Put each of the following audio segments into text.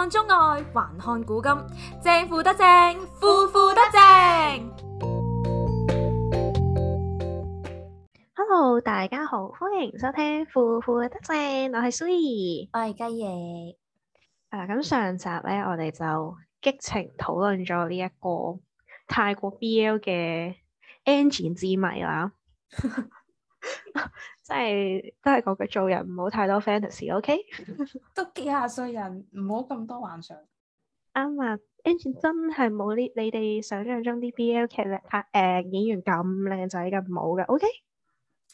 看中外，還看古今。正負得正，腐腐得正。Hello，大家好，歡迎收聽腐腐得正，我係蘇怡，我係雞翼。啊，咁上集咧，我哋就激情討論咗呢一個泰國 BL 嘅 engine 之謎啦。即係都係講做人唔好太多 fantasy，OK？Okay? 都幾廿歲人唔好咁多幻想。啱 啊，Angel 真係冇呢，你哋想象中啲 BL 劇咧，拍、啊、誒、呃、演員咁靚仔噶，冇噶，OK？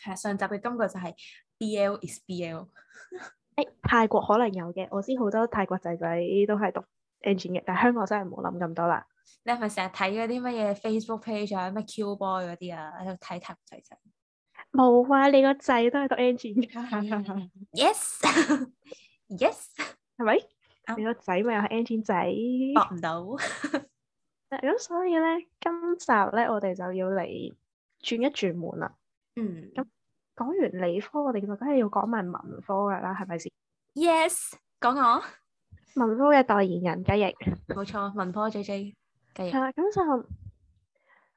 係上集嘅金句就係 BL is BL。誒、 哎，泰國可能有嘅，我知好多泰國仔仔都係讀 Angel 嘅，但係香港真係冇諗咁多啦。你係咪成日睇嗰啲乜嘢 Facebook page 啊，咩 Q boy 嗰啲啊，喺度睇泰國仔仔。冇話！你個仔都係讀 engine，yes，yes，係咪？你個仔咪又係 engine 仔，學唔到。咁所以咧，今集咧，我哋就要嚟轉一轉門啦。嗯，咁講完理科，我哋今日梗係要講埋文科噶啦，係咪先？Yes，講我文科嘅代言人雞翼，冇錯，文科 J J，雞翼。係啦，咁就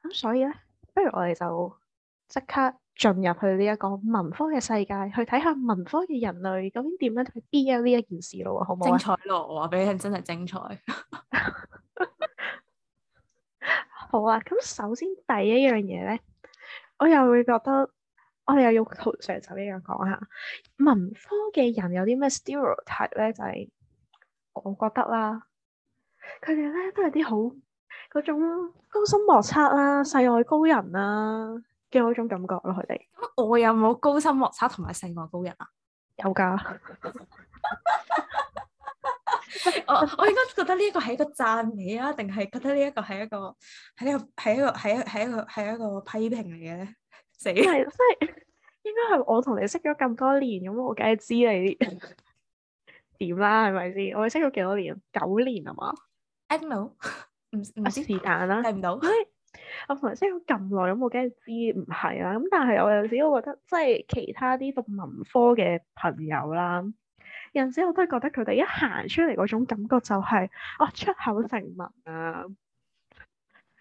咁，所以咧，不如我哋就即刻。進入去呢一個文科嘅世界，去睇下文科嘅人類究竟點樣去編呢一件事咯喎，好唔好？精彩咯，我話俾你聽，真係精彩。 好啊，咁首先第一樣嘢咧，我又會覺得，我哋又要同上集一樣講一下，文科嘅人有啲咩 stereotype 咧，就係、是、我覺得啦，佢哋咧都係啲好嗰種高深莫測啦、世外高人啦、啊。嘅嗰種感覺咯，佢哋。我有冇高深莫測同埋世外高人啊？有噶。我我應該覺得呢一個係一個讚美啊，定係覺得呢一個係一個係一個係一個係一係一個係一,一個批評嚟嘅咧？死！即 係 應該係我同你識咗咁多年，咁我梗係知你點啦，係咪先？我哋識咗幾多年啊？九年啊嘛。I don't know。唔唔知時間啦。Unknown。 我同埋識咁耐咁，我梗係知唔係啦。咁但係我有時覺得，即係其他啲讀文科嘅朋友啦，有時我都係覺得佢哋一行出嚟嗰種感覺就係、是，哦、啊、出口成文啊，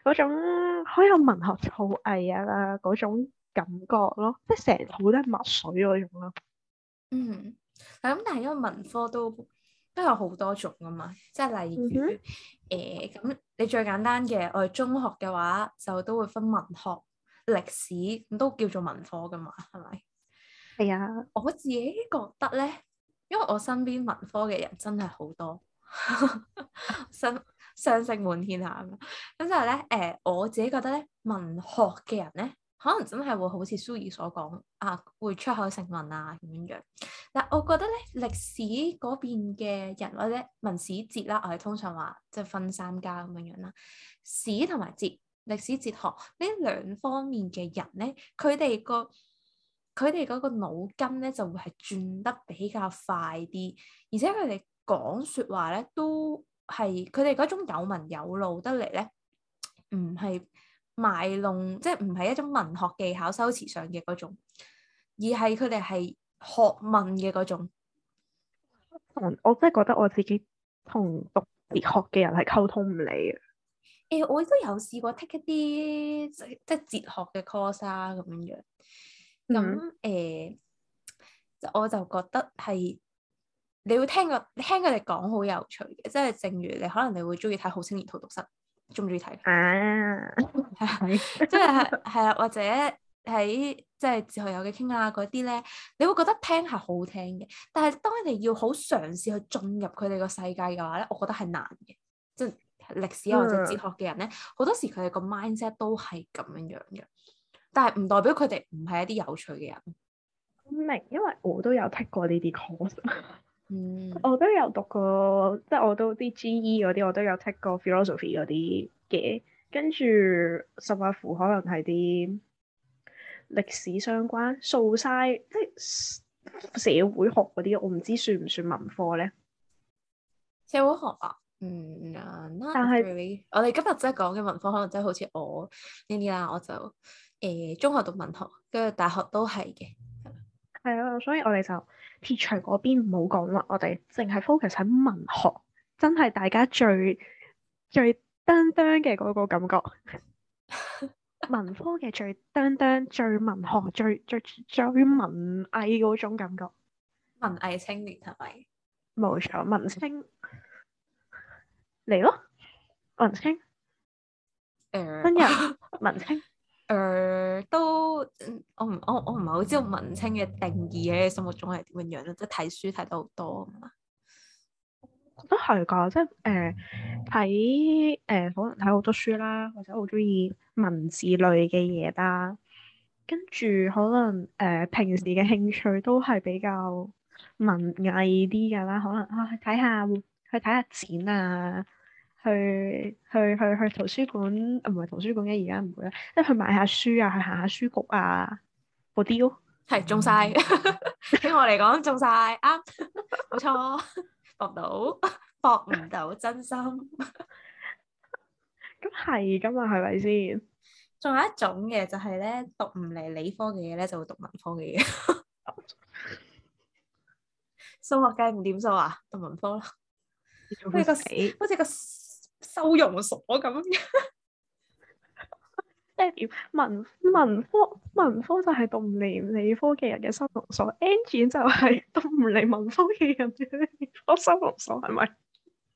嗰種好有文學造詣啊嗰種感覺咯，即係成套都係墨水嗰種咯、啊。嗯，咁但係因為文科都。都有好多種㗎嘛，即係例如誒咁，mm hmm. 欸、你最簡單嘅，我哋中學嘅話就都會分文學、歷史，都叫做文科噶嘛，係咪？係啊，我自己覺得咧，因為我身邊文科嘅人真係好多，相識滿天下咁，咁就係咧誒，我自己覺得咧，文學嘅人咧，可能真係會好似蘇爾所講啊，會出口成文啊咁樣樣。但我覺得咧，歷史嗰邊嘅人或者文史哲啦，我哋通常話即係分三家咁樣樣啦。史同埋哲，歷史哲學呢兩方面嘅人咧，佢哋個佢哋嗰個腦筋咧就會係轉得比較快啲，而且佢哋講説話咧都係佢哋嗰種有文有路得嚟咧，唔係。賣弄即係唔係一種文學技巧、修辭上嘅嗰種，而係佢哋係學問嘅嗰種、嗯。我真係覺得我自己同讀哲學嘅人係溝通唔嚟嘅。誒、欸，我都有試過 take 一啲即係哲學嘅 course 咁、啊、樣樣。咁誒，即係、嗯欸、我就覺得係你會聽過聽佢哋講好有趣嘅，即係正如你可能你會中意睇《好青年荼毒室》。中唔中意睇？係，即係係啊、 即係，或者喺即係自學有嘅傾啊嗰啲咧，你會覺得聽係好聽嘅，但係當你要好嘗試去進入佢哋個世界嘅話咧，我覺得係難嘅。即係歷史或者哲學嘅人咧，好、嗯、多時佢哋個 mindset 都係咁樣樣嘅，但係唔代表佢哋唔係一啲有趣嘅人。我明，因為我都有聽過呢啲 course。 嗯，mm. 我都有讀過，即係我都啲 G.E. 嗰啲，我都有 take 過 philosophy 嗰啲嘅，跟住甚或乎可能係啲歷史相關、數晒即係社會學嗰啲，我唔知算唔算文科咧？社會學啊，嗯啊，但係是、嗯 really. 我哋今日即係講嘅文科，可能即係好似我呢啲啦，我就誒、呃、中學讀文學，跟住大學都係嘅，係啊，所以我哋就。撇除嗰邊唔好講啦，我哋淨係 focus 喺文學，真係大家最最 ding ding 嘅嗰個感覺， 文科嘅最 ding ding 最文學、最最最文藝嗰種感覺，文藝青年係咪？冇錯，文青嚟咯，文青，今 日文青。誒、呃，都我唔我我唔係好知道文青嘅定義喺你心目中係點樣咯，即係睇書睇得好多啊嘛，都係噶，即係誒睇誒可能睇好多書啦，或者好中意文字類嘅嘢啦，跟住可能誒、呃、平時嘅興趣都係比較文藝啲噶啦，可能啊去睇下去睇下展啊。去去去去，去圖書館，唔、啊、係圖書館嘅，而家唔會啦，即、嗯、係去買下書啊，去行下書局啊，博啲咯，係中晒、嗯，聽我嚟講中晒了，啱，冇錯，博到，博唔到真心，咁係噶嘛，係咪先？仲 有一種嘅就係咧，讀唔嚟理科嘅嘢咧，就會讀文科嘅嘢，數 學計唔掂數啊，讀文科啦，好似個死，好似個。收容所咁， 咩點文文科文科就係讀唔嚟理科嘅人嘅收容所，engine 就係讀唔嚟文科嘅人嘅收容所，係咪？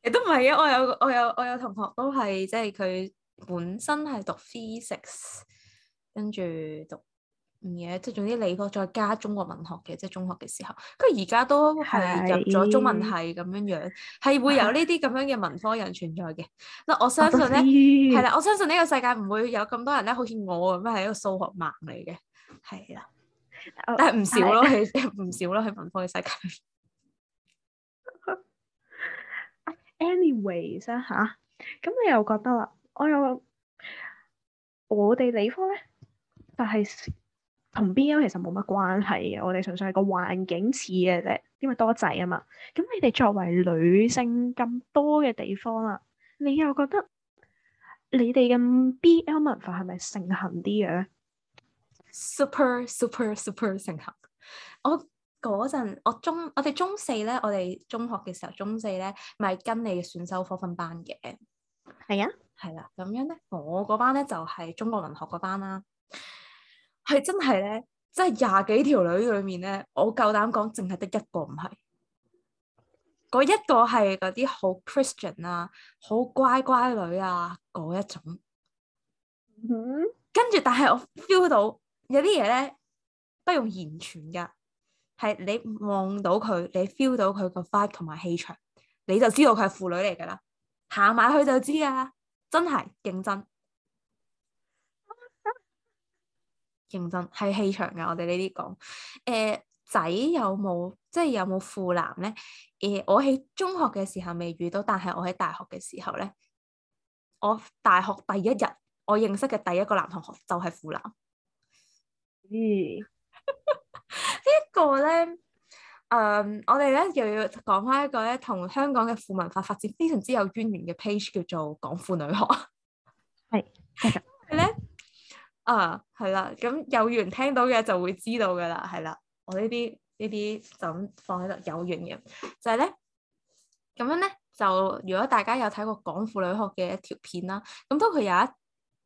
亦都唔係啊！我有我有我有同學都係即係佢本身係讀 physics，跟住讀。唔嘅，即係總之理科再加中國文學嘅，即係中學嘅時候，跟住而家都係入咗中文系咁樣樣，係的會有呢啲咁樣嘅文科人存在嘅。嗱，我相信咧，係啦，我相信呢個世界唔會有咁多人咧，好似我咁樣係一個數學盲嚟嘅，係啦，哦、但係唔少咯，係唔的少咯，喺文科嘅世界。 Anyways 吓、啊，咁你又覺得啦？我又，我哋理科咧，但係。同 B L 其實冇乜關係嘅，我哋純粹係個環境似嘅啫，因為多仔啊嘛。咁你哋作為女性咁多嘅地方啦，你又覺得你哋嘅 B L 文化係咪盛行啲嘅？Super super super 盛行。我嗰陣我中我哋中四咧，我哋中學嘅時候中四咧，咪跟你選修科分班嘅？係啊，係啦，啊，咁樣咧，我嗰班咧就係、是、中國文學嗰班啦，啊。係真係咧。真係廿幾條女裏面咧，我夠膽講，淨係得一個唔係，嗰一個係嗰啲好 Christian 啊，好乖乖女啊嗰一種。Mm hmm. 跟住但係我 feel 到有啲嘢咧，不用言傳噶，係你望到佢，你 feel 到佢個 vibe 同埋氣場，你就知道佢係腐女嚟噶啦，行埋去就知啊，真係認真。認真係氣場嘅。我哋、呃、呢啲講誒仔有冇即係有冇腐男咧？誒、呃，我喺中學嘅時候未遇到，但係我喺大學嘅時候咧，我大學第一日我認識嘅第一個男同學就係腐男，嗯。 嗯，呢一個咧，誒，我哋咧又要講返一個咧，同香港嘅腐文化發展非常之有淵源嘅 page 叫做《港腐女學》。係、嗯。 啊，係啦，咁有緣聽到嘅就會知道噶啦，係啦，我呢啲呢啲就咁放喺度，有緣嘅就係、是、咧，咁樣咧就如果大家有睇過《港腐女學》嘅一條片啦，咁都佢有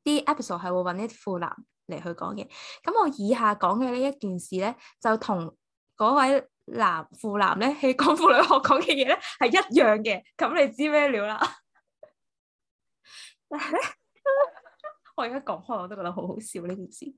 一啲 episode 係會搵呢啲腐男嚟去講嘢，咁我以下講嘅呢一件事咧，就同嗰位男腐男咧喺《港腐女學》講嘅嘢咧係一樣嘅，咁你知咩料啦？ 我而家講開，我都覺得好好笑呢件事。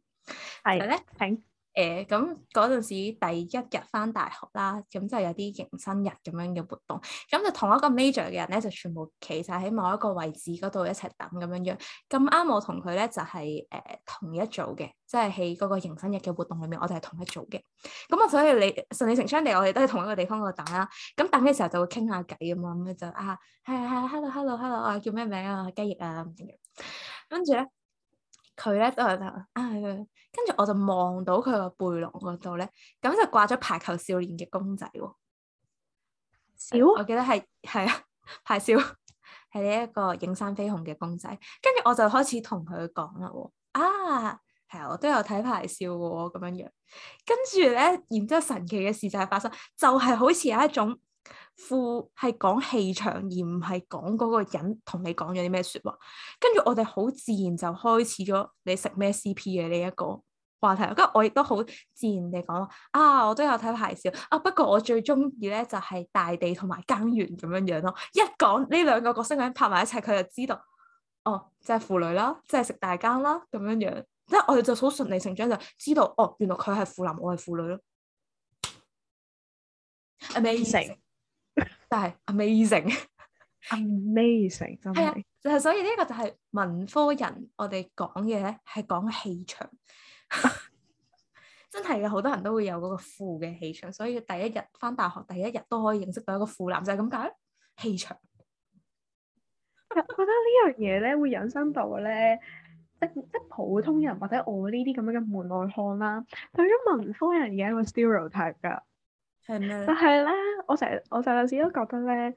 係咧的，誒呢，咁嗰陣時第一日返大學啦，咁就有啲迎新日咁樣嘅活動，咁就同一個 major 嘅人咧，就全部企晒喺某一個位置嗰度一齊等咁樣樣。咁啱我同佢咧就係、是、誒、呃、同一組嘅，即係喺嗰個迎新日嘅活動裏面，我哋係同一組嘅。咁我所以你順理成章地，我哋都喺同一個地方度等啦。咁等嘅時候就會傾下偈咁樣，咁就啊係係，hello hello hello 啊，叫咩名啊？雞翼啊咁樣。跟住咧。佢咧都係得啊，跟住我就望到佢個背囊嗰度咧，咁就掛咗排球少年嘅公仔喎。少， 我記得係係啊，排少係呢一個影山飛雄嘅公仔。跟住我就開始同佢講啦，啊，係啊，我都有睇排少喎，咁樣樣。跟住咧，然之後神奇嘅事就係發生，就係、是、好似有一種。腐係講氣場，而唔係講嗰個人同你講咗啲咩說話。跟住我哋好自然就開始咗你食咩 CP 嘅呢一個話題。跟住我亦都好自然地講啊，我都有睇牌笑啊。不過我最中意咧就係大地同埋耕員咁樣樣咯。一講呢兩個角色咁樣拍埋一齊，佢就知道哦，即係腐女啦，即係食大家啦咁樣樣。即係我哋就好順理成章，就知道哦，原來佢係腐男，我係腐女咯。Amazing 但係 amazing，amazing 真係就係，所以呢個就係文科人我哋講嘢咧係講氣場， 真係嘅好多人都會有嗰個腐嘅氣場，所以第一日翻大學第一日都可以認識到一個腐男仔。係咁解氣場。 我覺得呢樣嘢咧會引申到咧，即即普通人或者我呢啲咁樣嘅門外漢啦，對咗文科人而家個 stereotype 噶。但係咧，我成我細個時都覺得咧，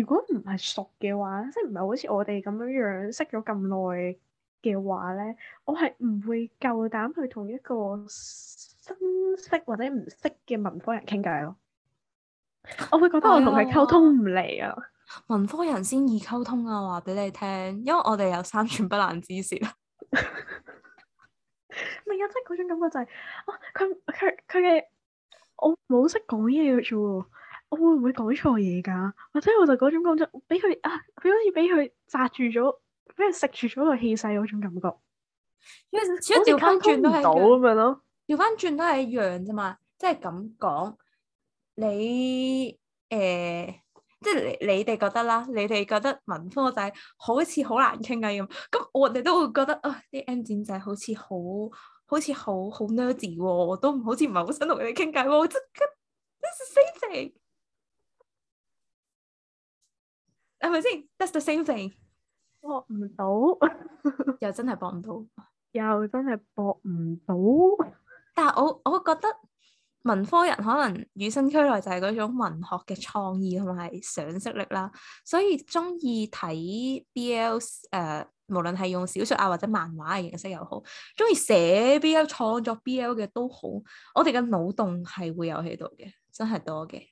如果唔係熟嘅話，即係唔係好似我哋咁樣樣識咗咁耐嘅話咧，我係唔會夠膽去同一個新識或者唔識嘅文科人傾偈咯。我會覺得我同佢溝通唔嚟啊！文科人先易溝通啊！話俾你聽，因為我哋有三寸不爛之舌。咪呀，即係嗰種感覺就係、是，哦、啊，佢佢佢嘅。我冇識講嘢嘅啫，我會唔會講錯嘢噶？或者我就嗰種感覺，俾佢啊，佢好似俾佢窒住咗，俾佢食住咗個氣勢嗰種感覺。因為調翻轉都係咁樣咯，調翻轉都係一樣啫嘛，即係咁講，你誒，即係你你哋覺得啦，你哋覺得文科仔好似好難傾啊咁，咁我哋都會覺得啊，啲 M 展仔好似好。好似好好 nerdy 喎，哦，都唔好似唔係好想，哦，同佢哋傾偈喎，真嘅。That's the same thing，係咪先？That's the same thing。博唔不到， 又真係博唔到，又真係博唔到。 但係我我覺得文科人可能與生俱來就係嗰種文學嘅創意同埋賞識力啦，所以中意睇 BL 誒、uh,。無論係用小說啊或者漫畫嘅形式又好，中意寫 BL 創作 BL 嘅都好，我哋嘅腦洞係會有喺度嘅，真係多嘅、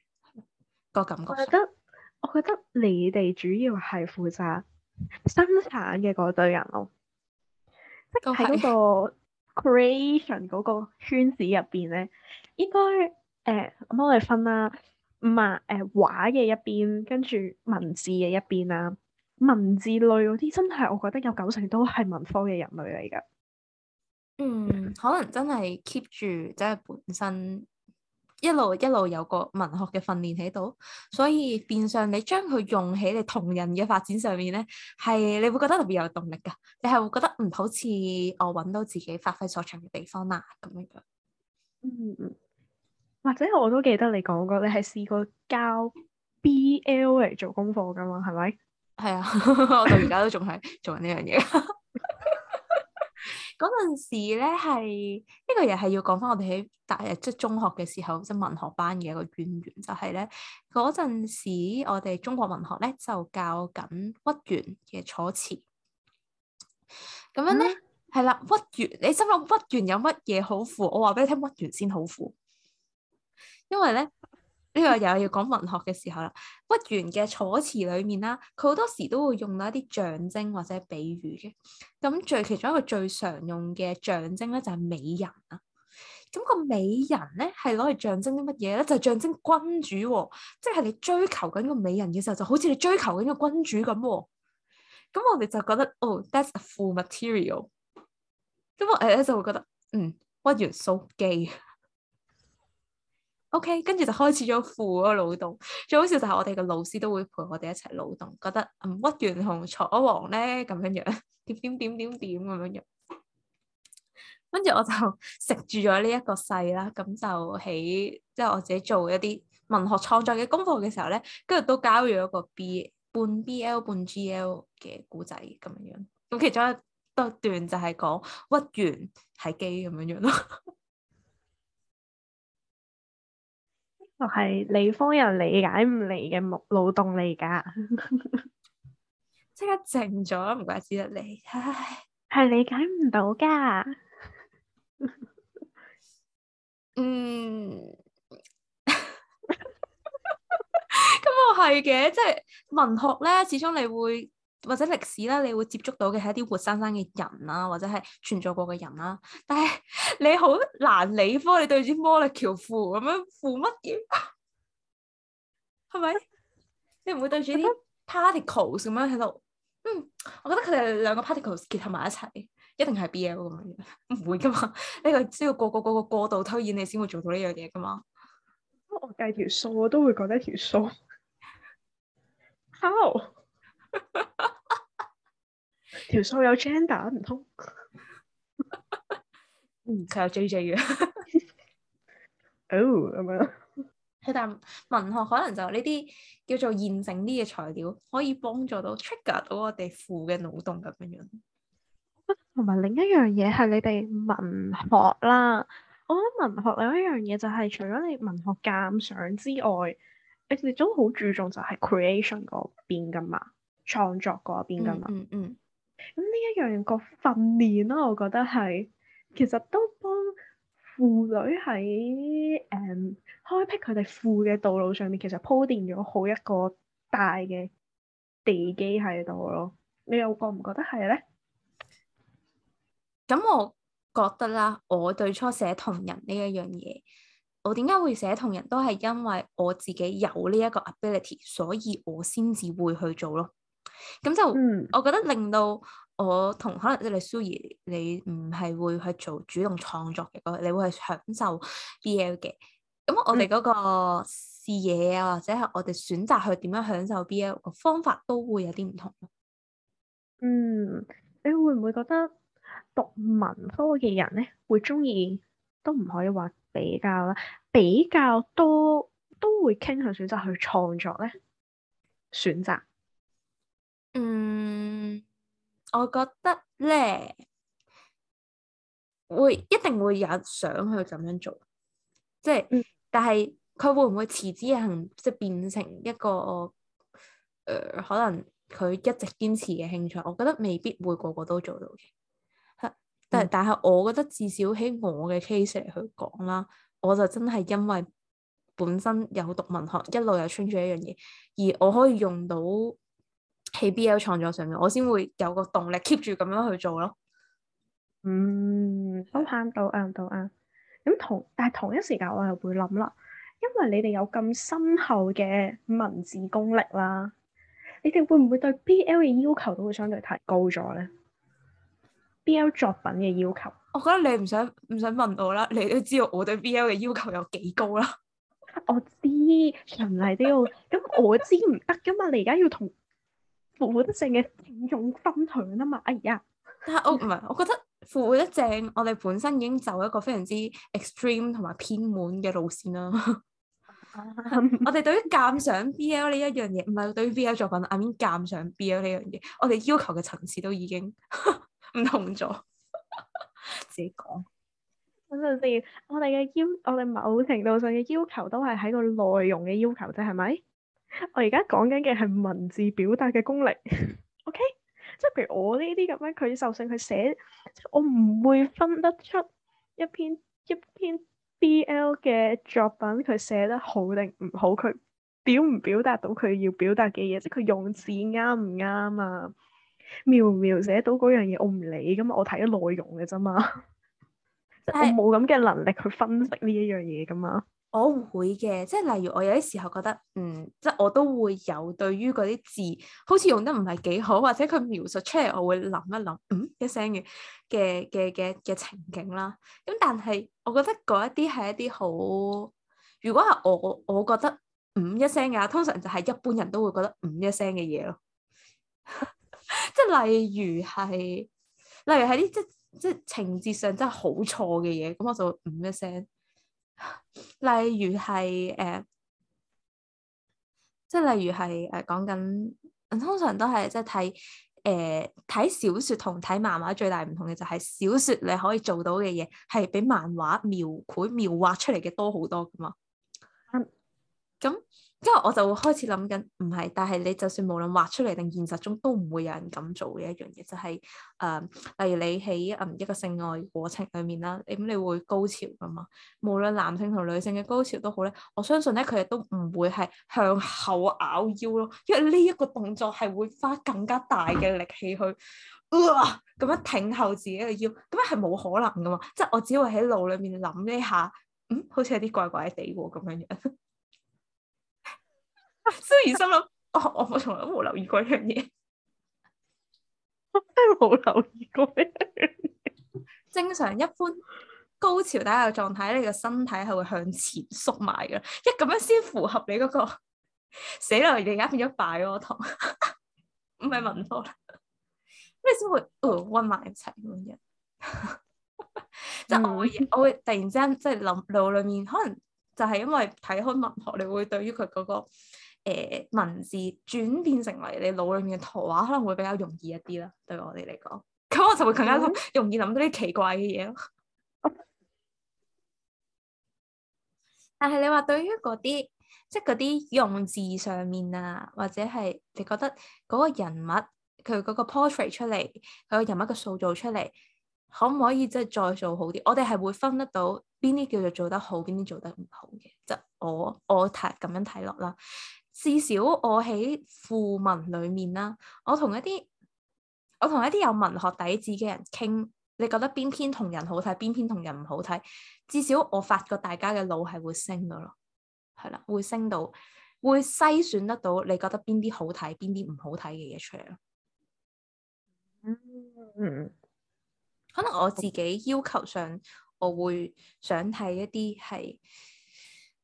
嗰個感覺。我覺得，我覺得你哋主要係負責生產嘅嗰堆人咯，即係喺嗰個 creation 嗰個圈子入邊咧，應該誒，呃、我哋分啦，畫誒畫嘅一邊，跟住文字嘅一邊啦。文字類嗰啲真係，我覺得有九成都係文科嘅人類嚟噶。嗯，可能真係 keep 住即係、就是、本身一路一路有個文學嘅訓練喺度，所以變相你將佢用喺你同人嘅發展上面咧，係你會覺得特別有動力噶。你係會覺得唔好似我搵到自己發揮所長嘅地方啦，啊，咁樣樣。嗯嗯，或者我都記得你講過，你係試過教 B L 嚟做功課噶嘛，係咪？係啊， 我到而家都仲係做緊 呢樣嘢。嗰陣時咧，係呢個又係要講翻我哋喺大即係中學嘅時候，即係文學班嘅一個淵源，就係咧，嗰陣時我哋中國文學咧就教緊屈原嘅楚辭。咁樣咧，係啦、嗯，屈原，你心諗屈原有乜嘢好苦？我話俾你聽，屈原先好苦，因為咧。呢個又要講文學嘅時候啦。屈原嘅楚辭裏面啦，佢好多時都會用到一啲象徵或者比喻嘅。咁最其中一個最常用嘅象徵咧，就係、是、美人啊。咁、那個美人咧，係攞嚟象徵啲乜嘢咧？就係、是、象徵君主、哦，即係你追求緊個美人嘅時候，就好似你追求緊個君主咁、哦。咁我哋就覺得哦、oh, that's a full material。咁我誒咧就會覺得，嗯、mm, so，屈原 so OK，跟住就開始咗腐嗰個腦洞，最好笑就係我哋嘅老師都會陪我哋一齊腦洞，覺得、嗯、屈原同楚王咧咁樣樣，點點點點點咁樣樣。跟住我就食住咗呢一個細啦，咁就喺即係我自己做一啲文學創作嘅功課嘅時候咧，跟住都交咗一個 B 半 B L 半 G L 嘅古仔咁樣樣。咁其中一段就係講屈原係基咁樣樣咯。就係理科人理解唔嚟嘅腦腦洞嚟噶，即 刻靜咗，唔怪之得你係理解唔到噶， 嗯，咁又係嘅，即係文學咧，始終你會。或者歷史咧，你會接觸到嘅係一啲活生生嘅人啦，或者係存在過嘅人啦。但係你好難理科，你對住啲魔力橋腐咁樣腐乜嘢？係咪？ 吧你唔會對住啲 particles 咁樣喺度？嗯，我覺得佢哋兩個 particles 結合埋一齊，一定係 BL 咁樣，唔會噶嘛？呢個需要個個個個過度推演，你先會做到呢樣嘢噶嘛？我計條數，我都會覺得條數 hello 條數有 gender 唔通？嗯，佢有 JJ 嘅？哦咁樣。佢但文學可能就呢啲叫做現成啲嘅材料，可以幫助到 trigger 到我哋腐嘅腦洞咁樣樣。同埋另一樣嘢係你哋文學啦，我覺得文學有一樣嘢就係，除咗你文學鑑賞之外，你哋都好注重就係 creation 嗰邊㗎嘛，創作嗰邊㗎嘛。嗯嗯。嗯嗯咁呢一樣個訓練啦，我覺得係其實都幫腐女喺誒、嗯、開闢佢哋腐嘅道路上面，其實鋪墊咗好一個大嘅地基喺度咯。你又覺唔覺得係咧？咁我覺得啦，我最初寫同人呢一樣嘢，我點解會寫同人都係因為我自己有呢一個 ability，所以我先至會去做咯。咁就，嗯，我覺得令到我同可能即係 Sui，你唔係會去做主動創作嘅個，你會去享受 BL 嘅。咁我哋嗰個視野啊，或者係我哋選擇去點樣享受 BL 嘅方法都會有啲唔同咯。嗯，你會唔會覺得讀文科嘅人咧，會中意，都唔可以話比較啦，比較多都會傾向選擇去創作咧，選擇。嗯，我覺得咧會一定會有想去咁樣做，即係，嗯、但係佢會唔會持之以恆，即係變成一個誒、呃，可能佢一直堅持嘅興趣，我覺得未必會個個都做到嘅。但、嗯、但係，我覺得至少喺我嘅 case 嚟去講啦，我就真係因為本身有讀文學，一路有穿住一樣嘢，而我可以用到。喺 BL 創作上面，我先會有個動力 keep 住咁樣去做咯。嗯，好，行到啱到啱。咁同但係同一時間，我又會諗啦，因為你哋有咁深厚嘅文字功力啦，你哋會唔會對 BL 嘅要求都會相對提高咗咧？BL 作品嘅要求，我覺得你唔想唔想問我啦？你都知道我對 BL 嘅要求有幾高啦。我知，循例都要。咁 我知唔得㗎嘛？你而家要同，腐腐得正嘅群眾分享啊嘛，哎呀！但係我唔係，我覺得腐腐得正，我哋本身已經走一個非常之 extreme 同埋偏門嘅路線啦。 um, 我哋對於鑑賞 BL 呢一樣嘢，唔係對於 BL 作品，I mean 鑑賞 BL 呢樣嘢，我哋要求嘅層次都已經唔同咗。 自己講。嗰陣時，我哋嘅要，我哋某程度上嘅要求都係喺個內容嘅要求啫，係咪？我而家講緊嘅係文字表達嘅功力 ，OK？即係譬如我呢啲咁樣，佢就算佢寫，即係我唔會分得出一篇一篇 BL 嘅作品佢寫得好定唔好，佢表唔表達到佢要表達嘅嘢，即係佢用字啱唔啱啊？描唔描寫到嗰樣嘢我唔理噶嘛， 我睇咗內容嘅啫嘛，即係我冇咁嘅能力去分析呢一樣嘢噶嘛。我會嘅，即係例如我有啲時候覺得，嗯，即係我都會有對於嗰啲字，好似用得唔係幾好，或者佢描述出嚟，我會諗一諗，嗯一聲嘅嘅嘅嘅嘅情景啦。咁但係我覺得嗰一啲係一啲好，如果係我，我覺得嗯一聲嘅，通常就係一般人都會覺得嗯一聲嘅嘢咯。 即係例如係，例如係啲即即情節上真係好錯嘅嘢，咁我就會嗯一聲。例如係誒、呃，即係例如係誒，講、啊、緊，通常都係即係睇誒，睇、呃、小說同睇漫畫最大唔同嘅就係小說你可以做到嘅嘢，係比漫畫描繪描畫出嚟嘅多好多㗎嘛。咁、嗯。嗯嗯。因為我就會開始諗緊，唔係，但係你就算無論畫出嚟定現實中，都唔會有人咁做嘅一樣嘢，就係、是、誒、呃，例如你喺誒、嗯、一個性愛過程裡面啦，咁你會高潮噶嘛？無論男性同女性嘅高潮都好咧，我相信咧佢哋都唔會係向後咬腰咯，因為呢一個動作係會花更加大嘅力氣去咁、呃、樣挺後自己嘅腰，咁樣係冇可能噶嘛。即係我只會喺腦裏面諗呢下，嗯，好似有啲怪怪地喎、啊，咁樣樣。雖然心諗、 哦，我我從來都冇留意過一樣嘢，我真係冇留意嗰樣嘢。正常一般高潮底下狀態，你個身體係會向前縮埋嘅，一咁樣先符合你嗰、嗰個死流，而家變咗擺 我同唔係文科啦，咩先會哦溫埋一齊咁樣。即係我會我會突然之間即係諗腦裏面，可能就係因為睇開文學，你會對於佢嗰個。誒，文字轉變成為你腦裏面嘅圖畫，可能會比較容易一啲啦，對我哋嚟講，咁我就會更加容易諗到啲奇怪嘅嘢咯。嗯、但係你話對於嗰啲，即係嗰啲用字上面啊，或者係你覺得嗰個人物佢嗰個 portrait 出嚟，佢個人物嘅塑造出嚟，可唔可以即係再做好啲？我哋係會分得到邊啲叫做做得好，邊啲做得唔好嘅，即、就是、我我睇咁樣睇落啦。至少我喺腐文裏面啦，我同一啲我同一啲有文學底子嘅人傾，你覺得邊篇同人好睇，邊篇同人唔好睇？至少我發覺大家嘅腦係會升噶咯，係啦，會升到會篩選得到你覺得邊啲好睇，邊啲唔好睇嘅嘢，出嚟咯。嗯，可能我自己要求上，我會想睇一啲係。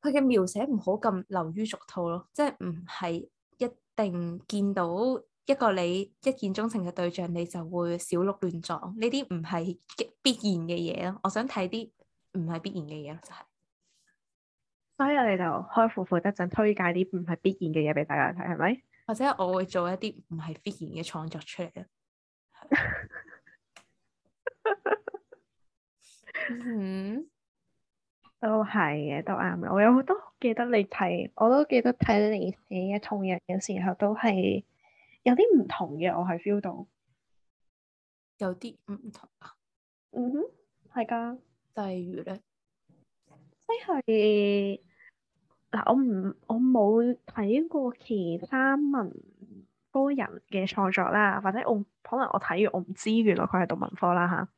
佢嘅描寫唔好咁流於俗套咯，即係唔係一定見到一個你一見鍾情嘅對象，你就會小鹿亂撞，呢啲唔係必然嘅嘢咯。我想睇啲唔係必然嘅嘢咯，就係。所以你就開腐腐得正，推介啲唔係必然嘅嘢俾大家睇，係咪？或者我會做一啲唔係必然嘅創作出嚟咯。 嗯。都係嘅，都啱嘅。我有好多記得你睇，我都記得睇你寫嘅同人嘅時候，都係有啲唔同嘅。我係 feel 到有啲唔同。嗯哼，係噶。例如咧，即係嗱，我唔我冇睇過其他文科人嘅創作啦，或者我可能我睇完我唔知，原來佢係讀文科啦嚇。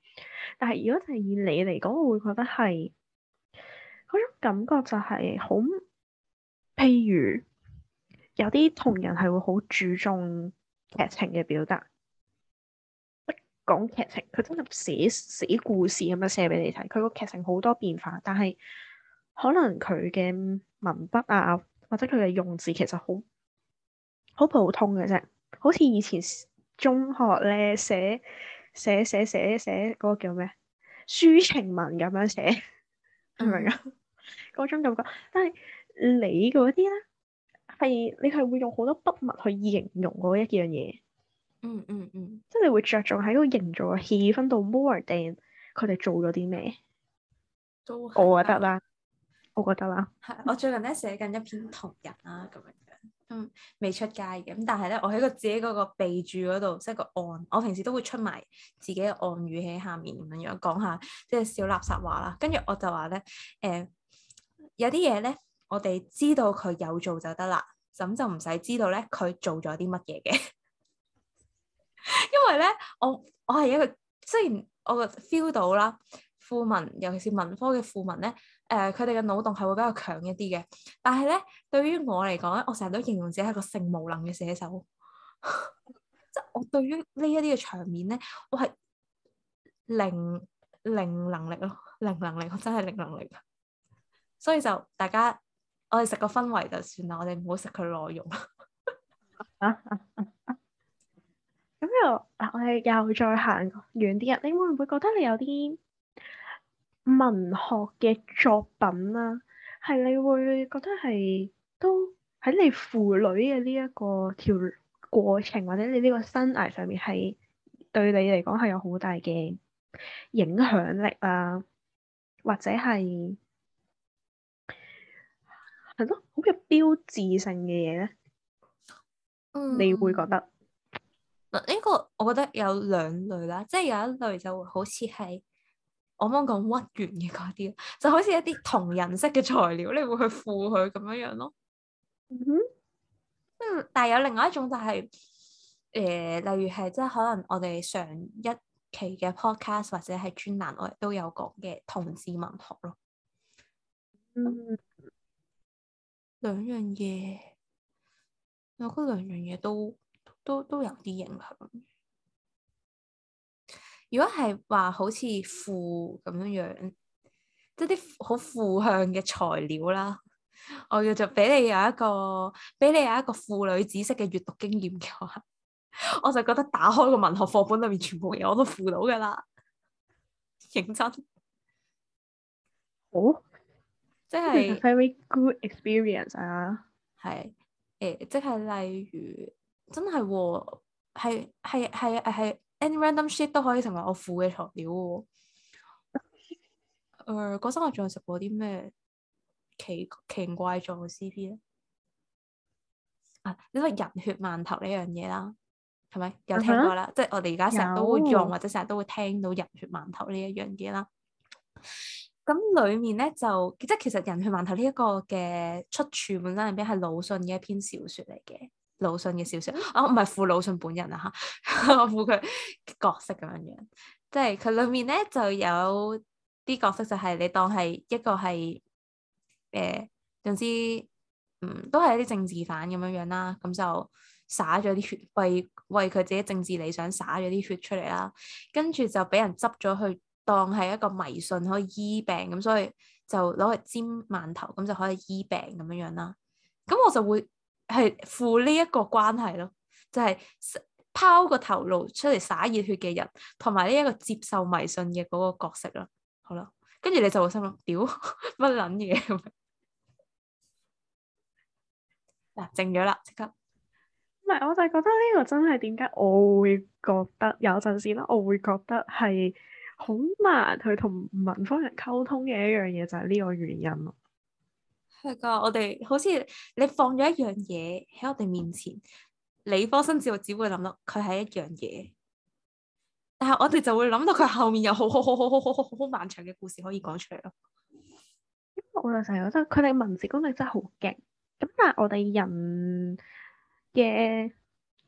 但係如果就係以你嚟講，我會覺得係。嗰種感覺就係好，譬如有啲同人係會好注重劇情嘅表達，不講劇情，佢真係寫寫故事咁樣寫俾你睇。佢個劇情好多變化，但係可能佢嘅文筆啊，或者佢嘅用字其實好好普通嘅啫，好似以前中學咧寫寫寫寫寫嗰個叫咩抒情文咁樣寫，係咪、嗯？啊？ 嗰種感覺，但係你嗰啲咧，係你係會用好多筆墨去形容嗰一樣嘢。嗯嗯嗯，即係你會着重喺個營造嘅氣氛度，more than 佢哋做咗啲咩？都是，好，我覺得啦，我覺得啦。我最近咧寫緊一篇同人啦，啊，咁樣樣，嗯，未出街嘅咁，但係咧，我喺個自己嗰個備注嗰度，即係個案，我平時都會出埋自己嘅案語喺下面咁樣樣講下，即、就、係、是、小垃圾話啦。跟住我就話咧，誒、呃。有啲嘢咧，我哋知道佢有做就得啦，咁就唔使知道咧佢做咗啲乜嘢嘅。 因為咧，我我係一個雖然我個 feel 到啦，腐民，尤其是文科嘅腐民咧，誒佢哋嘅腦洞係會比較強一啲嘅。但係咧，對於我嚟講咧，我成日都形容自己係一個性無能嘅寫手，即 係我對於呢一啲嘅場面咧，我係零零能力咯，零能力，我真係零能力。所以就大家，我哋食個氛圍就算啦，我哋唔好食佢內容。咁 又、 啊啊啊啊、我哋又再行遠啲啊！你會唔會覺得你有啲文學嘅作品啦、啊，係你會覺得係都喺你腐女嘅呢一個條過程，或者你呢個生涯上面係對你嚟講係有好大嘅影響力啊，或者係？係咯，好有標誌性嘅嘢咧。嗯，你會覺得嗱呢個，我覺得有兩類啦，即係有一類就會好似係我冇講屈原嘅嗰啲，就好似一啲同人式嘅材料，你會去附佢咁樣樣咯。嗯、哼，嗯，但係有另外一種就係、是、誒、呃，例如係即係可能我哋上一期嘅 podcast 或者係專欄我哋都有講嘅同志文學咯。嗯。兩樣嘢，我覺兩樣嘢都都都有啲影響。如果係話好似腐咁樣樣，即係啲好腐向嘅材料啦，我要就俾你有一個俾你有一個腐女子式嘅閱讀經驗嘅話，我就覺得打開個文學課本裏面全部嘢我都腐到㗎喇，認真好。哦即係 very good experience 啊、uh.，係、呃、誒，即係例如真係喎、哦，係係係係 any random shit 都可以成為我腐嘅材料、哦。誒、呃，嗰陣我仲有食過啲咩奇奇怪狀嘅 CP 咧？啊，都係人血饅頭呢樣嘢啦，係咪有聽過啦？Uh huh. 即係我哋而家成日都會用有或者成日都會聽到人血饅頭呢一樣嘢啦。咁裏面咧就即係其實人血饅頭呢一，這個嘅出處本身入邊係魯迅嘅一篇小說嚟嘅，魯迅嘅小說啊，唔係腐魯迅本人啊吓，嗯、 我腐佢角色咁樣樣，即係佢裏面咧就有啲角色就係你當係一個係誒、呃、總之嗯都係一啲政治犯咁樣這樣啦，咁就灑咗啲血為為佢自己政治理想灑咗啲血出嚟啦，跟住就俾人執咗去。當係一個迷信可以醫病咁，所以就攞嚟煎饅頭咁就可以醫病咁樣樣啦。咁我就會係負呢一個關係咯，就係拋個頭顱出嚟灑熱血嘅人，同埋呢一個接受迷信嘅嗰個角色咯。好啦，跟住你就會心諗：屌，乜撚嘢咁嗱，靜咗啦，即刻。唔係，我就覺得呢個真係點解我會覺得有陣時啦，我會覺得係。好難去同文科人溝通嘅一樣嘢就係呢個原因咯。係噶，我哋好似你放咗一樣嘢喺我哋面前，理科生只會只會諗到佢係一樣嘢，但係我哋就會諗到佢後面有好好好好好好好好漫長嘅故事可以講出嚟咯。咁、嗯、我就成日覺得佢哋文字功力真係好勁，咁但係我哋人嘅。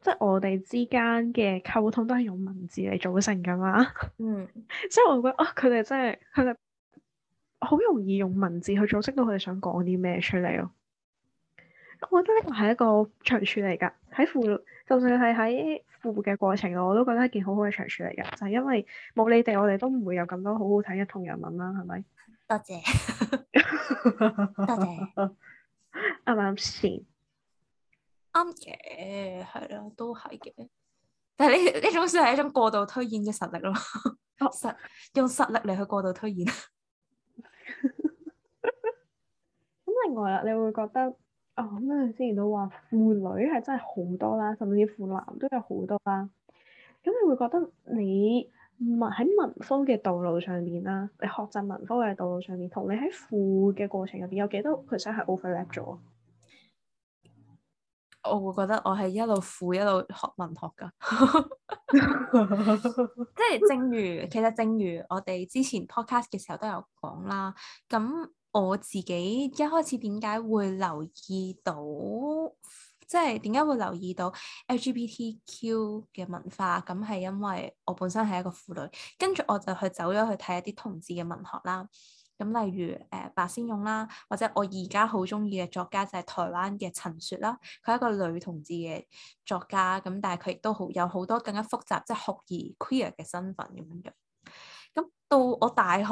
即係我哋之間嘅溝通都係用文字嚟組成噶嘛，嗯， 即係我覺得哦，啊、佢哋真係佢哋好容易用文字去組織到佢哋想講啲咩出嚟咯。我覺得呢個係一個長處嚟噶，喺腐，就算係喺腐嘅過程我都覺得一件好好嘅長處嚟噶，就係因為冇你哋，我哋都唔會有咁多好好睇嘅同人文啦，係咪？多謝， 多謝，啱？林少。啱嘅，係咯，嗯啊，都係嘅。但係呢呢種算係一種過度推演嘅實力咯， 確實用實力嚟去過度推演。咁 另外啦，你會覺得，哦，咁啊，之前都話腐女係真係好多啦，甚至腐男都有好多啦。咁你會覺得你唔係喺文科嘅道路上面啦，你學習文科嘅道路上面，同你喺腐嘅過程入邊，有幾多其實係 overlap 咗？我會覺得我係一路腐一路學文學㗎，即係正如，其實正如我哋之前 podcast 嘅時候都有講啦。咁我自己一開始點解會留意到，即係點解會留意到 LGBTQ 嘅文化，咁係因為我本身係一個腐女，跟住我就去走咗去睇一啲同志嘅文學啦。咁例如誒白先勇啦，或者我而家好中意嘅作家就係台灣嘅陳雪啦，佢係一個女同志嘅作家，咁但係佢亦都好有好多更加複雜即係酷兒 queer 嘅身份咁樣樣。咁到我大學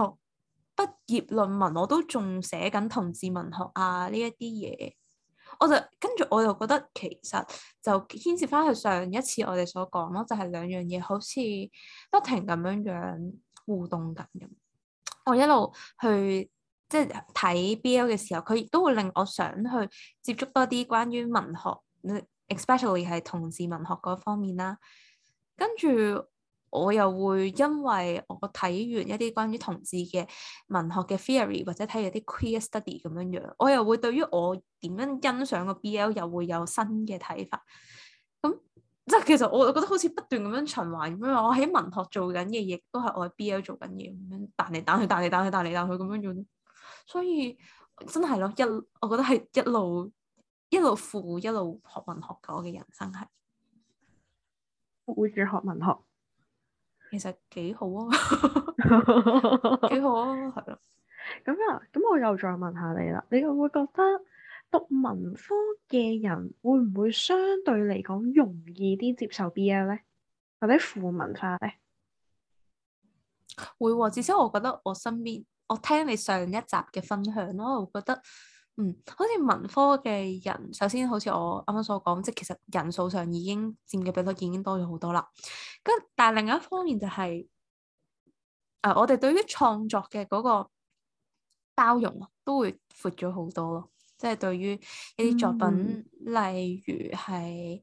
畢業論文我都仲寫緊同志文學啊，呢一啲嘢，我就跟住我就覺得其實就牽涉返去上一次我哋所講咯，就係、是、兩樣嘢好似不停咁樣樣互動緊咁。我一路去即係睇 BL 嘅時候，佢亦都會令我想去接觸多啲關於文學，especially 係同志文學嗰方面啦。跟住我又會因為我睇完一啲關於同志嘅文學嘅 theory 或者睇咗啲 queer study 咁樣樣，我又會對於我點樣欣賞個 BL 又會有新嘅睇法。即係其實我覺得好似不斷咁樣循環咁樣，我喺文學做緊嘢，亦都係我喺 BL 做緊嘢咁樣彈嚟彈去、彈嚟彈去、彈嚟彈去咁樣做。所以真係咯，一我覺得係一路一路腐，一路學文學嘅我嘅人生係會住學文學，其實幾好啊，幾 好啊，係咯。咁啊， 咁我又再問下你啦，你會唔會覺得？讀文科嘅人會唔會相對嚟講容易啲接受 BL 咧，或者腐文化咧？會、哦，至少我覺得我身邊，我聽你上一集嘅分享咯，我覺得嗯，好似文科嘅人，首先好似我啱啱所講，即係其實人數上已經占嘅比率，已經多咗好多啦。咁但係另一方面就係、是，誒、呃，我哋對於創作嘅嗰個包容都會闊咗好多咯。即係對於一啲作品，嗯、例如係，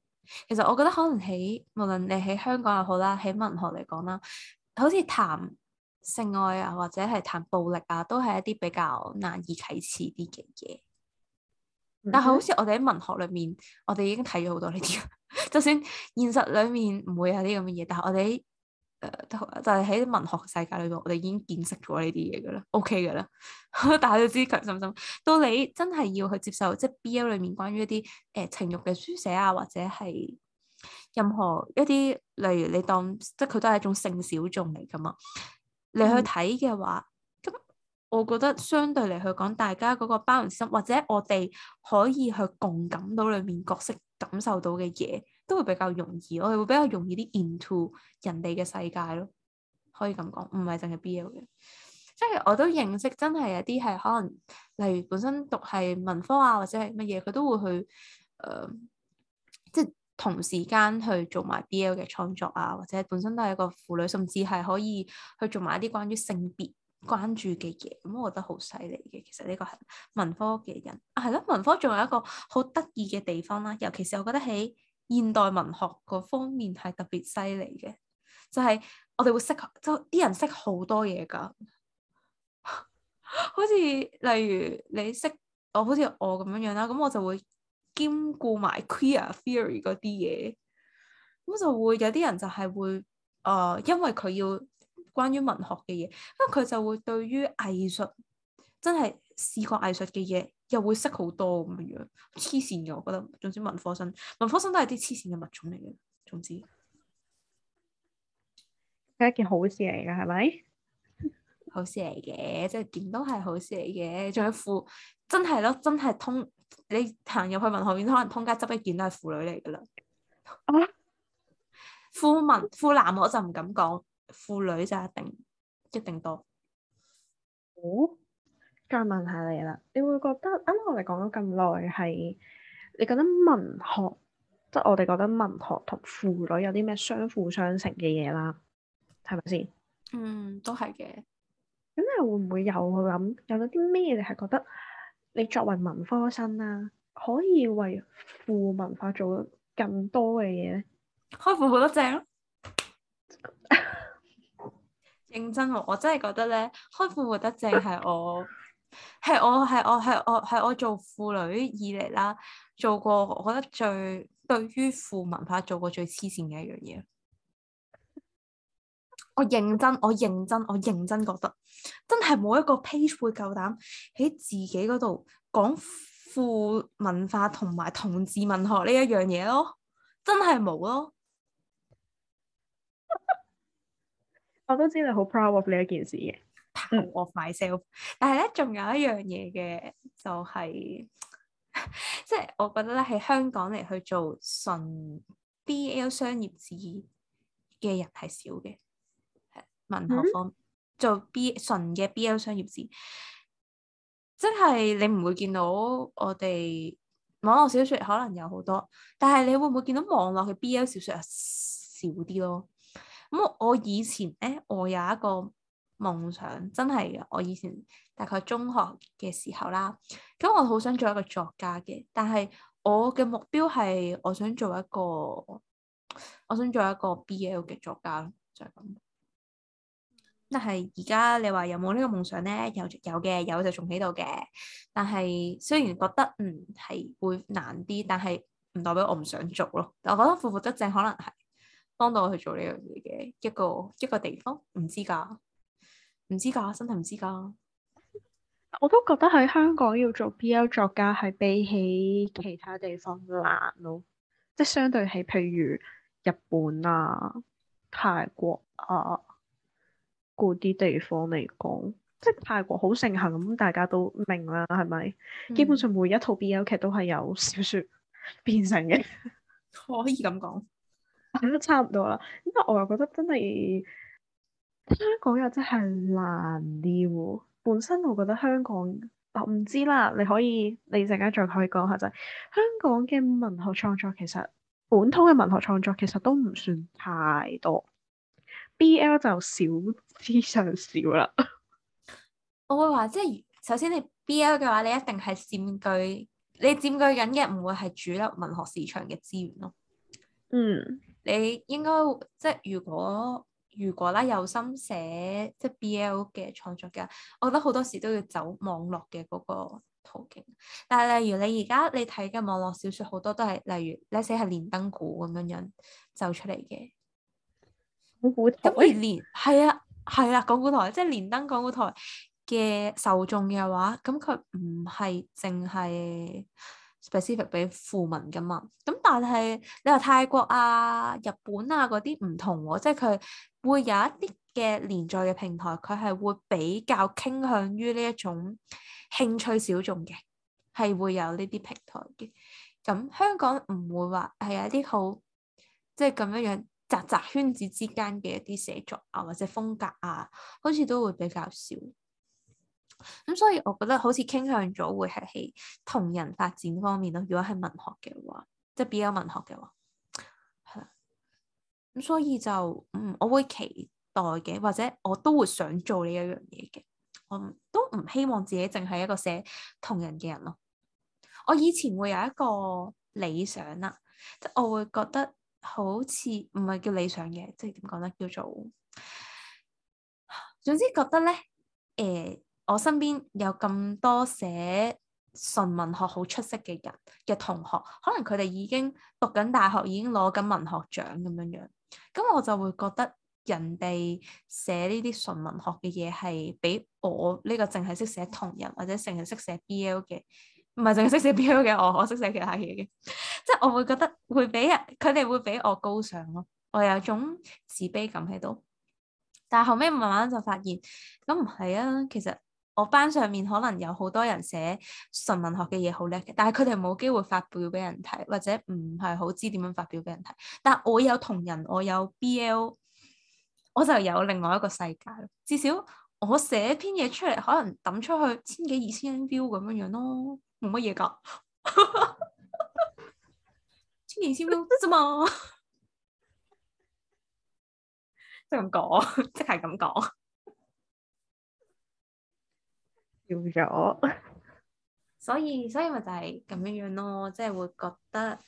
其實我覺得可能喺無論你喺香港又好啦，喺文學嚟講啦，好似談性愛啊，或者係談暴力啊，都係一啲比較難以啟齒啲嘅嘢。嗯、但係好似我哋喺文學裏面，我哋已經睇咗好多呢啲，嗯、 就算現實裏面唔會有啲咁嘅嘢，但係我哋都就係喺文學世界裏邊，我哋已經見識過呢啲嘢㗎喇，OK 㗎喇。大家都知強心心，到你真係要去接受，即係 BL 裏面關於一啲誒、呃、情慾嘅書寫啊，或者係任何一啲，例如你當即係佢都係一種性小眾嚟㗎嘛。你去睇嘅話，咁、嗯、我覺得相對嚟去講，大家嗰個包容心，或者我哋可以去共感到裏面角色感受到嘅嘢。都會比較容易，我係會比較容易啲 into 人哋嘅世界咯，可以咁講，唔係淨係 BL 嘅，即係我都認識真係有啲係可能，例如本身讀係文科啊，或者係乜嘢，佢都會去誒、呃，即係同時間去做埋 BL 嘅創作啊，或者本身都係一個婦女，甚至係可以去做埋一啲關於性別關注嘅嘢。咁、嗯、我覺得好犀利嘅，其實呢個係文科嘅人啊，係咯，文科仲有一個好得意嘅地方啦、啊，尤其是我覺得喺。現代文學嗰方面係特別犀利嘅，就係、是、我哋會識，即啲人識多 好多嘢噶。好似例如你識我，好我，好似我咁樣樣啦，咁我就會兼顧埋 queer theory 嗰啲嘢，咁就會有啲人就係會誒、呃，因為佢要關於文學嘅嘢，因為佢就會對於藝術真係視覺藝術嘅嘢。又會識好多咁嘅樣，黐線嘅我覺得，總之文科生，文科生都係啲黐線嘅物種嚟嘅。總之係一件好事嚟噶，係咪？好事嚟嘅，即係點都係好事嚟嘅。仲有婦，真係咯，真係通你行入去文學院，可能通街執一件都係婦女嚟噶啦。啊？婦民婦男我就唔敢講，婦女就一定一定多。好、哦。再問下你啦，你會覺得啱啱我哋講咗咁耐，係你覺得文學即係、就是、我哋覺得文學同腐女有啲咩相輔相成嘅嘢啦？係咪先？嗯，都係嘅。咁你會唔會又諗有咗啲咩？你係覺得你作為文科生啦、啊，可以為腐文化做更多嘅嘢咧？開腐腐得正咯，認真我我真係覺得咧，開腐腐得正係我。係我，係我，係我，係我做腐女以嚟啦，做過我覺得最對於腐文化做過最黐線嘅一樣嘢。 我認真，我認真，我認真覺得真係冇一個 page 會夠膽喺自己嗰度講腐文化同埋同志文學呢一樣嘢咯，真係冇咯。 我都知你好 proud of 呢一件事嘅。我 myself，但係咧，仲有一樣嘢嘅，就係即係我覺得咧，喺香港嚟去做純 B L 商業誌嘅人係少嘅，文學方、嗯、做 B 純嘅 B L 商業誌，即係你唔會見到我哋網絡小說可能有好多，但係你會唔會見到網絡嘅 B L 小說啊少啲咯？咁我以前咧，我有一個。夢想真係我以前大概中學嘅時候啦，咁我好想做一個作家嘅，但係我嘅目標係我想做一個，我想做一個 BL 嘅作家咯，就係、是、咁。但係而家你話有冇呢個夢想咧？有有嘅，有，有就仲喺度嘅。但係雖然覺得唔係、嗯、會難啲，但係唔代表我唔想做咯。但我覺得腐腐得正，可能係幫到我去做呢樣嘢嘅一個一個地方，唔知噶。唔知噶，真係唔知噶。我都覺得喺香港要做 BL 作家，係比起其他地方難咯。即係相對起，譬如日本啊、泰國啊嗰啲地方嚟講，即係泰國好盛行，大家都明啦，係咪？嗯、基本上每一套 BL 劇都係有小說變成嘅， 可以咁講。咁 都差唔多啦。因為我又覺得真係。香港又真係難啲喎、啊，本身我覺得香港，我唔知啦，你可以你陣間再可以講下就係、是、香港嘅文學創作，其實本土嘅文學創作其實都唔算太多，BL 就少之常少啦。 我會話即係，首先你 BL 嘅話，你一定係佔據你佔據緊嘅，唔會係主流文學市場嘅資源咯。嗯，你應該即係如果。如果啦，有心寫即係 BL 嘅創作嘅，我覺得好多時都要走網絡嘅嗰個途徑。但係例如你而家你睇嘅網絡小說好多都係例如你寫係連登鼓咁樣樣走出嚟嘅。講古台咁連係、欸、啊係啦，講、啊、古台即係連登講古台嘅受眾嘅話，咁佢唔係淨係。specific 俾腐民㗎嘛，咁但係你話泰國啊、日本啊嗰啲唔同喎，即係佢會有一啲嘅連載嘅平台，佢係會比較傾向於呢一種興趣小眾嘅，係會有呢啲平台嘅。咁香港唔會話係有一啲好，即係咁樣樣雜雜圈子之間嘅一啲寫作啊，或者風格啊，好似都會比較少。咁、嗯、所以我覺得好似傾向咗會係喺同人發展方面咯，如果係文學嘅話，即係比較文學嘅話，係咁、嗯、所以就嗯，我會期待嘅，或者我都會想做呢一樣嘢嘅。我都唔希望自己淨係一個寫同人嘅人咯。我以前會有一個理想啦，即係我會覺得好似唔係叫理想嘅，即係點講咧，叫做總之覺得咧，誒、欸。我身邊有咁多寫純文學好出色嘅人嘅同學，可能佢哋已經讀緊大學，已經攞緊文學獎咁樣樣。咁我就會覺得人哋寫呢啲純文學嘅嘢係比我呢個淨係識寫同人或者淨係識寫 BL 嘅，唔係淨係識寫 BL 嘅，我我識寫其他嘢嘅， 即係我會覺得會比人佢哋會比我高尚咯。我有種自卑感喺度，但係後尾慢慢就發現，咁唔係啊，其實。我班上面可能有好多人寫純文學嘅嘢好叻嘅，但係佢哋冇機會發表俾人睇，或者唔係好知點樣發表俾人睇。但係我有同人，我有 BL，我就有另外一個世界咯。至少我寫篇嘢出嚟，可能抌出去千幾、二千 view 咁樣樣咯，冇乜嘢噶。 千二千 view 啫嘛，即係咁講，即係咁講。少咗掉 ，所以所以咪就係咁樣樣咯，即係會覺得，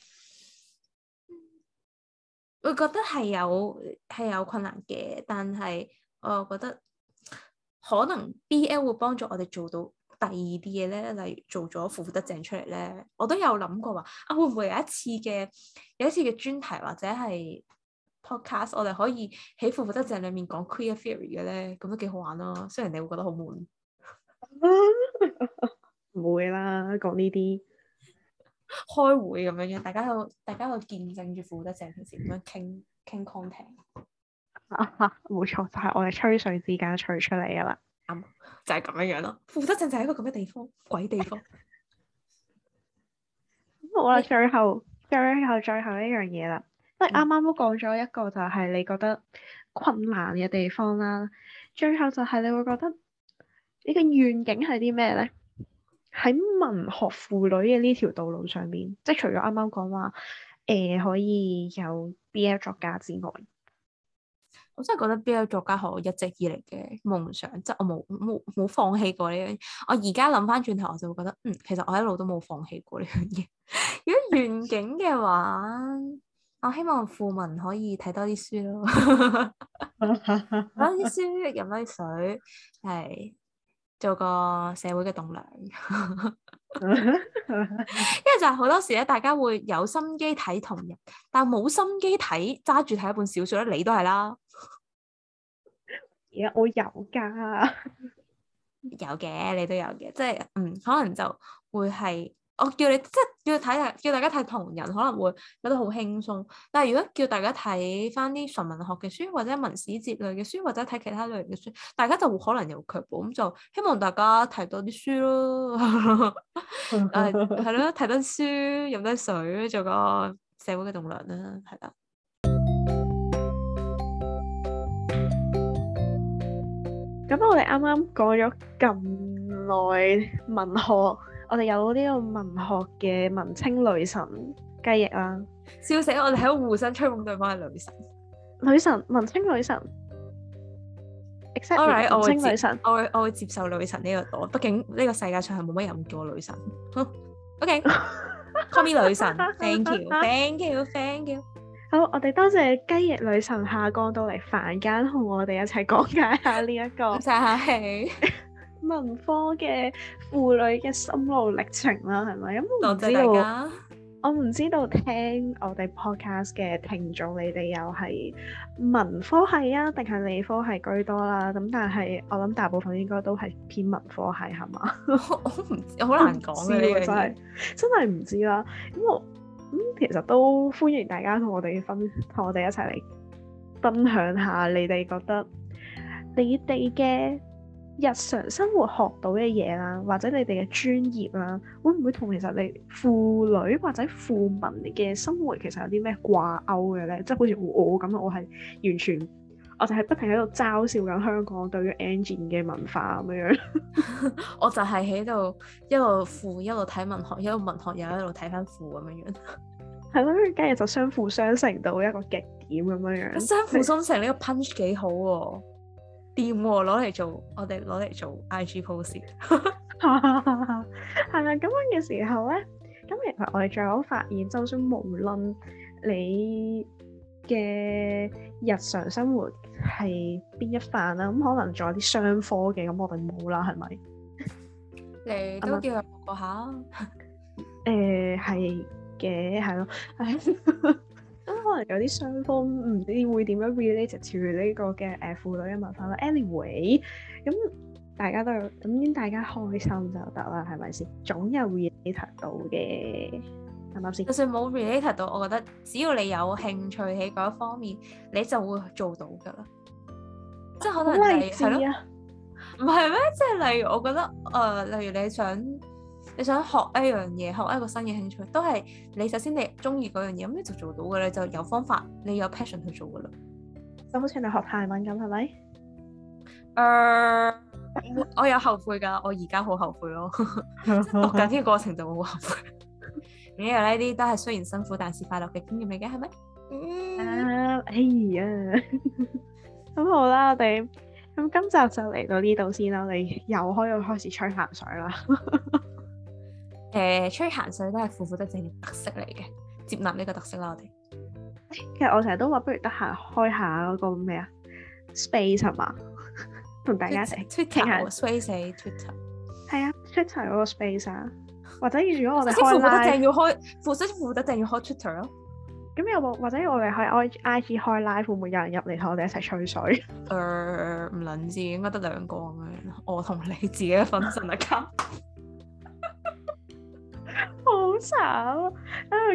會覺得係有係有困難嘅，但係我覺得可能 BL 會幫助我哋做到第二啲嘢咧，例如做咗腐腐得正出嚟咧，我都有諗過話啊，會唔會有一次嘅有一次嘅專題或者係 podcast 我哋可以喺腐腐得正裏面講 queer theory 嘅咧，咁都幾好玩咯，雖然你會覺得好悶。唔 會啦，講呢啲開會咁樣樣，大家去大家去見證住腐得正平時點樣傾傾 content。冇錯， 就係、是、我哋吹水之間吹出嚟噶、嗯就是、啦，就係咁樣樣咯。腐得正就係一個咁嘅地方，鬼地方。好啦，最後最後最後一樣嘢啦，即係啱啱都講咗一個，就係你覺得困難嘅地方啦。最後就係你會覺得。你嘅願景係啲咩咧？喺文學腐女嘅呢條道路上面，即係除咗啱啱講話，誒、呃、可以有 BL 作家之外，我真係覺得 BL 作家係我一直以嚟嘅夢想，即、就、係、是、我冇冇冇放棄過呢樣。我而家諗返轉頭，我就會覺得，嗯，其實我一路都冇放棄過呢樣嘢。 如果願景嘅話， 我希望腐民可以睇多啲書咯，睇 多啲書，飲多啲水，係。做個社會嘅棟樑，因為就係好多時咧，大家會有心機睇同人，但係冇心機睇揸住睇一本小說咧，你都係啦。而我有噶，有嘅，你都有嘅，即係嗯，可能就會係。我叫你即係叫睇大，叫大家睇同人可能會覺得好輕鬆。但係如果叫大家睇翻啲純文學嘅書，或者文史哲類嘅書，或者睇其他類型嘅書，大家就會可能有卻步咁。就希望大家睇多啲書咯，係，係咯，睇多書，飲多水，做個社會嘅棟樑啦，係啦。咁 我哋啱啱講咗咁耐文學。 我哋有呢個文學嘅文青女神雞翼啦，笑死！我哋喺度互相吹捧對方係女神，女神文青女神。Alright，我會接，我會我會接受女神呢、這個，畢竟呢個世界上係冇乜人叫我女神。Okay，call me 女神 ，thank you，thank you，thank you。You, you. 好，我哋多謝雞翼女神下降到嚟凡間，同我哋一齊講解下呢、這、一個。唔該曬，阿 文科嘅腐女嘅心路歷程啦，係咪？咁、嗯、我唔知道，我唔知道聽我哋 podcast 嘅聽眾，你哋又係文科系啊，定係理科系居多啦、啊？咁但係我諗大部分應該都係偏文科系，係嘛？我我唔知，好難講嘅，真係真係唔知啦、啊。咁我咁其實都歡迎大家同我哋分同我哋一齊嚟分享，分享下，你哋覺得你哋嘅。日常生活學到嘅嘢啦，或者你哋嘅專業啦，會唔會同其實你腐女或者腐民嘅生活其實有啲咩掛鈎嘅咧？即係好似我咁，我係完全，我就係不停喺度嘲笑緊香港對於 engine 嘅文化咁樣樣。 我就係喺度一路腐一路睇文學，一路文學又一路睇翻腐咁樣樣。係 咯， 跟住就相輔相成到一個極點咁樣樣。相輔相成呢個 punch 幾好喎。 掂攞嚟做，我哋攞嚟做 IG post。係啦，咁樣嘅時候咧，咁其實我哋最好發現，就算無論你嘅日常生活係邊一範啦，咁可能仲有啲商科嘅，咁我哋冇啦，係咪？你都叫佢學下啊？誒，係嘅，係咯。咁、嗯、可能有啲雙方唔知會點樣 related to 呢、這個嘅誒腐女嘅文化啦。Anyway，咁、嗯、大家都有，咁、嗯、大家開心就得啦，係咪先？總有 relate 到嘅，啱唔啱先？就算冇 relate 到，我覺得只要你有興趣喺嗰一方面，你就會做到噶啦。嗯、即係可能你係咯，唔係咩？即係例如我覺得，誒、呃、例如你想。你想學一樣嘢，學一個新嘅興趣，都係你首先你中意嗰樣嘢，咁你就做到嘅啦，就有方法，你有 passion 去做噶啦。就好似你學泰文咁，係、嗯、咪？誒，我有後悔噶，我而家好後悔咯，即係 讀緊呢個過程就會好後悔。咁又呢啲都係雖然辛苦，但是快樂嘅經驗嚟嘅，係咪？哎、嗯、呀，咁、uh, yeah. 好啦，我哋咁今集就嚟到呢度先啦，你又可以開始吹鹹水啦。 誒、呃、吹鹹水都係腐腐得正嘅特色嚟嘅，接納呢個特色啦，我哋。其實我成日都話，不如得閒開下嗰個咩啊？Space 係嘛？同 大家一齊傾 Twitter, 下。Space，Twitter。係啊，Twitter 嗰個 Space 啊，或者如果我哋開，腐腐得正要開，腐腐得正要開 Twitter 咯、啊。咁有冇或者我哋 IG 開 IG，IG 開 live 會唔會有人入嚟同我哋一齊吹水？誒 唔、呃、能知，應該得兩個嘅，我同你自己嘅粉絲嚟交。 啊！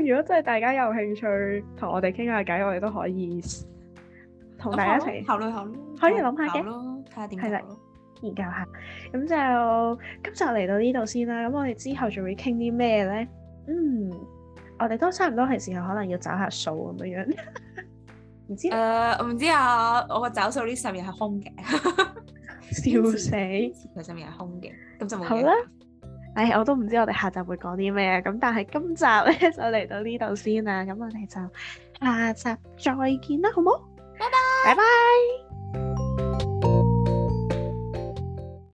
如果真係大家有興趣同我哋傾下偈，我哋都可以同大家一齊考慮下，可以諗下嘅咯，睇下點樣咯，研究下。咁就今集嚟到呢度先啦。咁我哋之後仲會傾啲咩咧？嗯，我哋都差唔多係時候，可能要找下數咁樣樣。唔 知？誒，唔知啊！我個找數呢上面係空嘅， 笑死！其實上面係空嘅，咁就冇嘢啦。唉，我都唔知我哋下集會講啲咩啊，但係今集呢就嚟到呢度先啦，咁我哋就下集再見啦，好冇？拜拜。